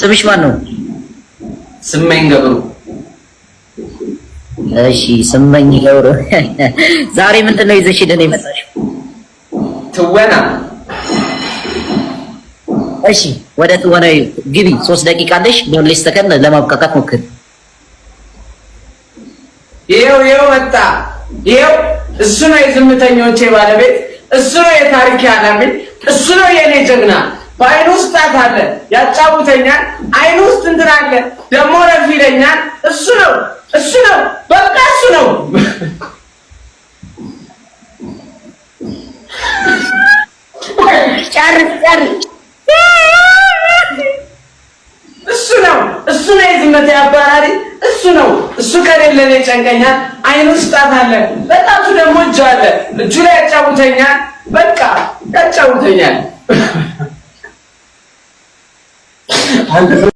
ስምሽ ማን ነው? ስመኝ ገብሩ። እሺ ስመኝ ገብሩ፣ ዛሬ ምንድን ነው ይዘሽልን የመጣሽው? ትወና። እሺ ወደ ትወና ግቢ። ሶስት ደቂቃ አለሽ። ዶንሌስ ተከን ለማብቃቃት ሞክር። ይኸው ይኸው መጣ። ይኸው እሱ ነው የዝምተኞቼ ባለቤት፣ እሱ ነው የታሪክ ያላምኝ፣ እሱ ነው የኔ ጀግና በአይኑ ውስጥ ጣት አለ ያጫውተኛል። አይን ውስጥ እንትን አለ ደግሞ ረፍ ይለኛል። እሱ ነው እሱ ነው በቃ እሱ ነው። ጨርስ ጨርስ እሱ ነው እሱ ነው የዝመት አባራሪ እሱ ነው። እሱ ከሌለ እኔ ጨንቀኛል። አይን ውስጥ ጣት አለ፣ በጣቱ ደግሞ እጁ አለ። እጁ ላይ ያጫውተኛል። በቃ ያጫውተኛል Hadi.